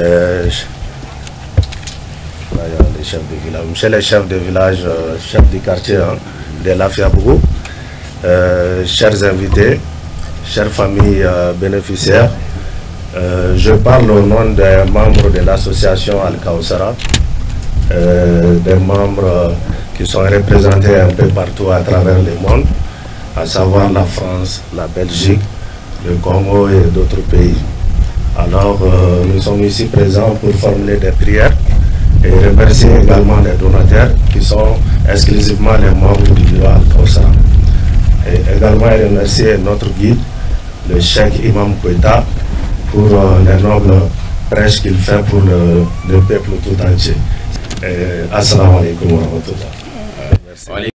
Chez euh, les chefs de village. Monsieur le chef de village, euh, du quartier hein, de Lafiabrou, euh, chers invités, chers familles euh, bénéficiaires, je parle au nom des membres de l'association Al-Kausara, des membres qui sont représentés un peu partout à travers le monde, à savoir la France, la Belgique, le Congo et d'autres pays. Alors, euh, nous sommes ici présents pour formuler des prières et remercier également les donateurs qui sont exclusivement les membres du bureau al Et également remercier notre guide, le cheikh Imam Koueta, pour euh, les nobles prêches qu'il fait pour le, peuple tout entier. assalamu alaikum wa rahmatullah. Euh,